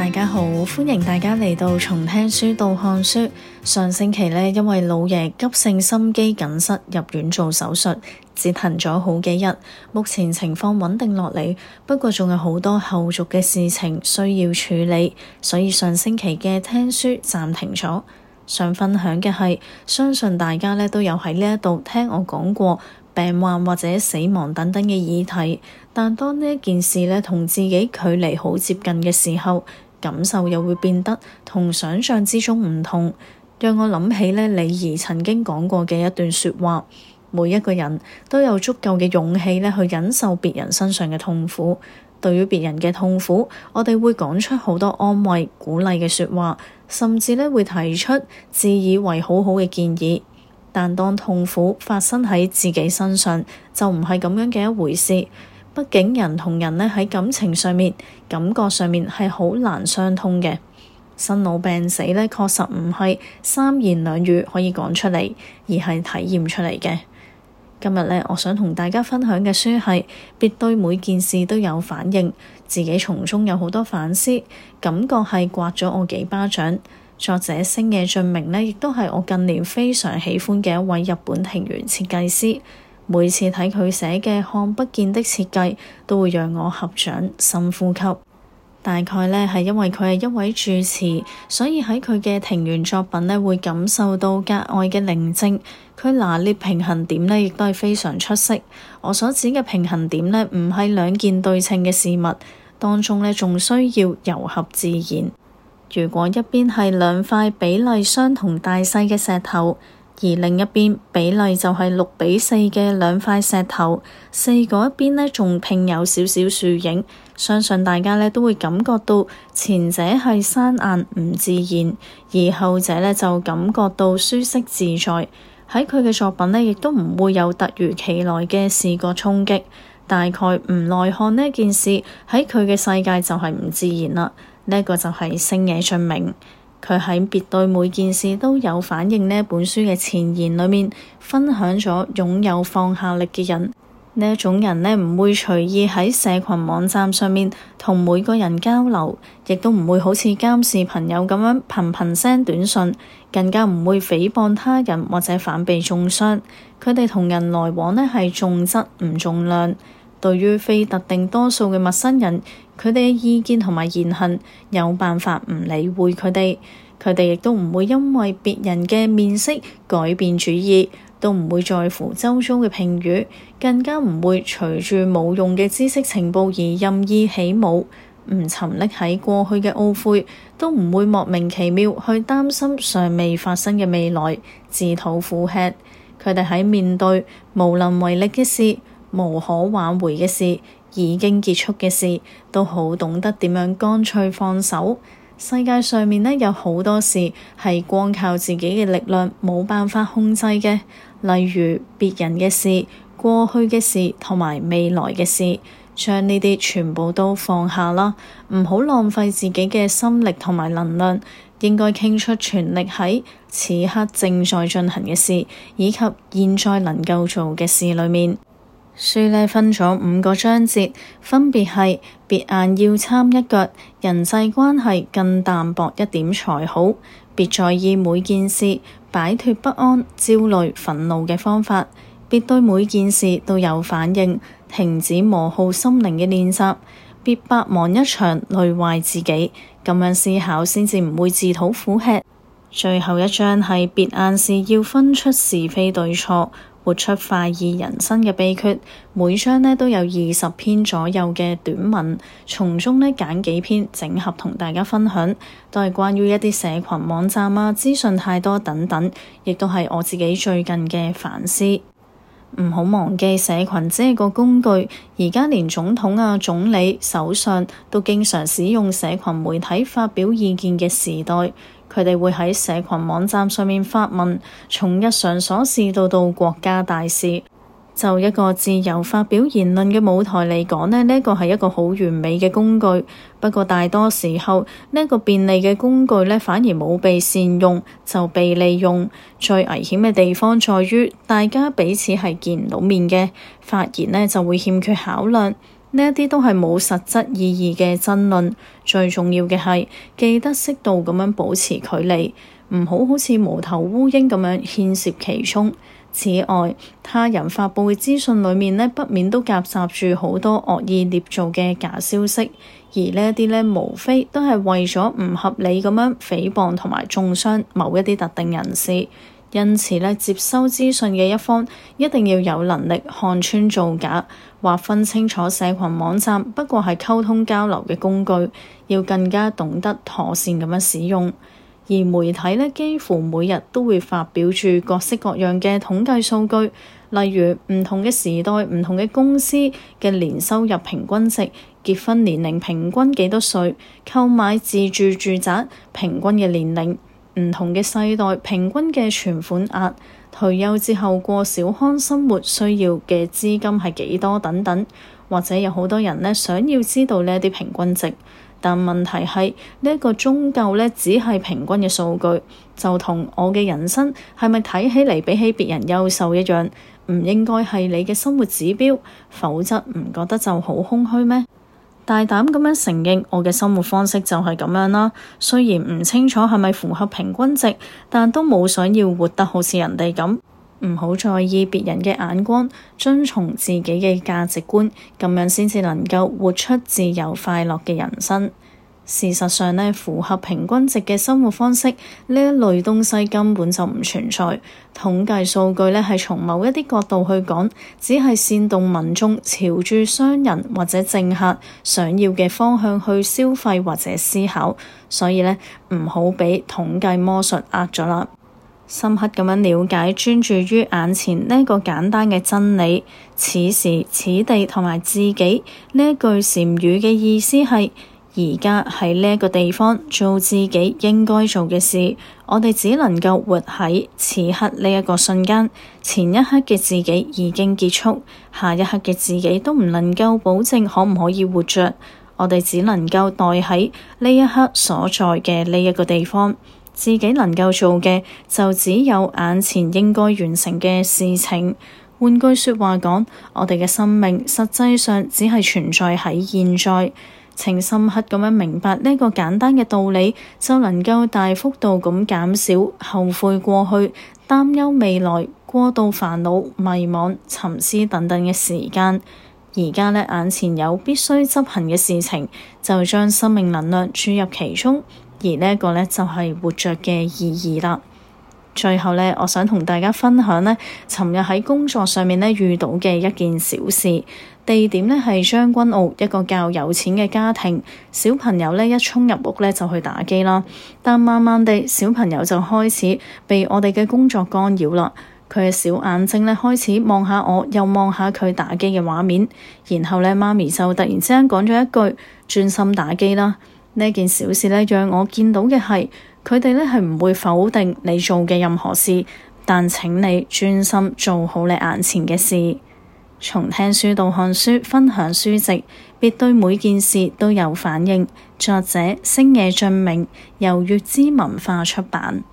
大家好，歡迎大家嚟到從聽書到看書。上星期呢，因為老爺急性心肌梗塞入院做手術，折騰咗好幾日，目前情況穩定落嚟，不過仲有好多後續嘅事情需要處理，所以上星期嘅聽書暫停咗。想分享嘅係，相信大家呢都有喺呢一度聽我講過病患或者死亡等等嘅議題，但當呢件事呢同自己距離好接近嘅時候，感受又會變得同想象之中唔同，讓我諗起咧李怡曾經講過嘅一段說話：每一個人都有足夠嘅勇氣咧去忍受別人身上嘅痛苦。對於別人嘅痛苦，我哋會講出好多安慰、鼓勵嘅說話，甚至咧會提出自以為好好嘅建議。但當痛苦發生喺自己身上，就唔係咁樣嘅一回事。畢竟人同人呢喺感情上面、感覺上面係好難相通嘅。生老病死呢，確實唔係三言兩語可以講出嚟，而係體驗出嚟嘅。今日呢，我想同大家分享嘅書係《別對每件事都有反應》，自己從中有好多反思，感覺係刮咗我幾巴掌。作者星野俊明呢，亦都係我近年非常喜歡嘅一位日本庭園設計師。每次睇佢寫嘅《看不見的設計》，都會讓我合掌深呼吸。大概呢係因為佢係一位住持，所以喺佢嘅庭園作品呢會感受到格外嘅寧靜。佢拿捏平衡點呢亦都係非常出色。我所指嘅平衡點呢，唔係兩件對稱嘅事物，當中呢仲需要融合自然。如果一邊係兩塊比例相同大細嘅石頭，而另一邊比例就係六比四嘅兩塊石頭，四嗰一邊咧仲拼有少少樹影，相信大家咧都會感覺到前者係生硬唔自然，而後者咧就感覺到舒適自在。喺佢嘅作品咧，亦都唔會有突如其來嘅視覺衝擊。大概唔耐看呢件事喺佢嘅世界就係唔自然啦。呢個就係星野俊明。佢喺別對每件事都有反應呢本書嘅前言裏面分享咗擁有放下力嘅人呢一種人呢唔會隨意喺社群網站上面同每個人交流，亦都唔會好似監視朋友咁樣頻頻 send 短信，更加唔會誹謗他人或者反被中傷。佢哋同人來往呢，係重質唔重量。對於非特定多數嘅陌生人，佢哋嘅意見同埋言行有辦法唔理會佢哋，佢哋亦都唔會因為別人嘅面色改變主意，都唔會在乎周遭嘅評語，更加唔會隨住冇用嘅知識情報而任意起舞，唔沉溺喺過去嘅懊悔，都唔會莫名其妙去擔心尚未發生嘅未來，自討苦吃。佢哋喺面對無能為力嘅事，無可挽回嘅事，已經結束嘅事，都好懂得點樣乾脆放手。世界上面呢，有好多事係光靠自己嘅力量冇辦法控制嘅，例如別人嘅事、過去嘅事同埋未來嘅事，將呢啲全部都放下啦，唔好浪費自己嘅心力同埋能量，應該傾出全力喺此刻正在進行嘅事，以及現在能夠做嘅事裏面。書呢分咗五個章節，分別係：別硬要參一腳，人際關係更淡薄一點才好；別在意每件事，擺脱不安、焦慮、憤怒嘅方法；別對每件事都有反應，停止磨耗心靈嘅練習；別白忙一場，累壞自己。咁樣思考先至唔會自討苦吃。最後一章係別硬是要分出是非對錯。活出快意人生嘅秘訣，每章呢都有二十篇左右嘅短文，從中呢揀幾篇整合同大家分享，都係關於一啲社群網站啊、資訊太多等等，亦都係我自己最近嘅反思。唔好忘記社群只係個工具，而家連總統啊、總理、首相都經常使用社群媒體發表意見嘅時代。佢哋會喺社群網站上面發問，從日常瑣事到到國家大事，就一個自由發表言論嘅舞台嚟講咧，呢個係一個好完美嘅工具。不過大多時候，呢個便利嘅工具呢，反而冇被善用，就被利用。最危險嘅地方在於，大家彼此係見唔到面嘅，發言呢就會欠缺考慮。呢一啲都係冇實質意義嘅爭論，最重要嘅係記得適度咁樣保持距離，唔好好似無頭烏蠅咁樣牽涉其中。此外，他人發布嘅資訊裏面呢，不免都夾雜住好多惡意捏造嘅假消息，而呢一啲呢，無非都係為咗唔合理咁樣誹謗同埋中傷某一啲特定人士。因此呢，接收資訊嘅一方一定要有能力看穿造假，或分清楚社群網站不過係溝通交流嘅工具，要更加懂得妥善咁樣使用。而媒體呢，幾乎每日都會發表住各式各樣嘅統計數據，例如唔同嘅時代、唔同嘅公司嘅年收入平均值、結婚年齡平均幾多歲、購買自住住宅平均嘅年齡。唔同嘅世代平均嘅存款額，退休之後過小康生活需要嘅資金係幾多等等，或者有好多人呢想要知道呢啲平均值，但問題係、這個、呢一個終究呢只係平均嘅數據，就同我嘅人生係咪睇起嚟比起別人優秀一樣，唔應該係你嘅生活指標，否則唔覺得就好空虛咩？大膽咁樣承認，我嘅生活方式就係咁樣啦。雖然唔清楚係咪符合平均值，但都冇想要活得好似人哋咁，唔好在意別人嘅眼光，遵從自己嘅價值觀，咁樣先至能夠活出自由快樂嘅人生。事實上呢，符合平均值嘅生活方式呢一類東西根本就唔存在。統計數據呢係從某一啲角度去講，只係煽動民眾朝住商人或者政客想要嘅方向去消費或者思考，所以呢，唔好俾統計魔術呃咗啦。深刻咁樣了解，專注於眼前呢個簡單嘅真理，此時此地同埋自己呢一句禪語嘅意思係，而家喺呢一個地方做自己應該做嘅事，我哋只能夠活喺此刻呢一個瞬間。前一刻嘅自己已經結束，下一刻嘅自己都唔能夠保證可唔可以活着。我哋只能夠待喺呢一刻所在嘅呢一個地方，自己能夠做嘅就只有眼前應該完成嘅事情。換句說話講，我哋嘅生命實際上只係存在喺現在。情深刻咁樣明白呢個簡單嘅道理，就能夠大幅度咁減少後悔過去、擔憂未來、過度煩惱、迷茫、沉思等等嘅時間。而家呢，眼前有必須執行嘅事情，就將生命能量注入其中。而呢一個咧，就係活着嘅意義啦。最後呢，我想同大家分享呢尋日喺工作上面呢遇到嘅一件小事。地點呢，係將軍澳一個較有錢嘅家庭，小朋友呢，一衝入屋呢，就去打機啦。但慢慢地，小朋友就開始被我哋嘅工作干擾啦。佢嘅小眼睛呢，開始望下我，又望下佢打機嘅畫面。然後呢，媽咪就突然之間講咗一句：專心打機啦！呢件小事呢，讓我見到嘅係，佢哋呢係唔會否定你做嘅任何事，但請你專心做好你眼前嘅事。從聽書到看書，分享書籍，別對每件事都有反應。作者：星野俊明，由悅知文化出版。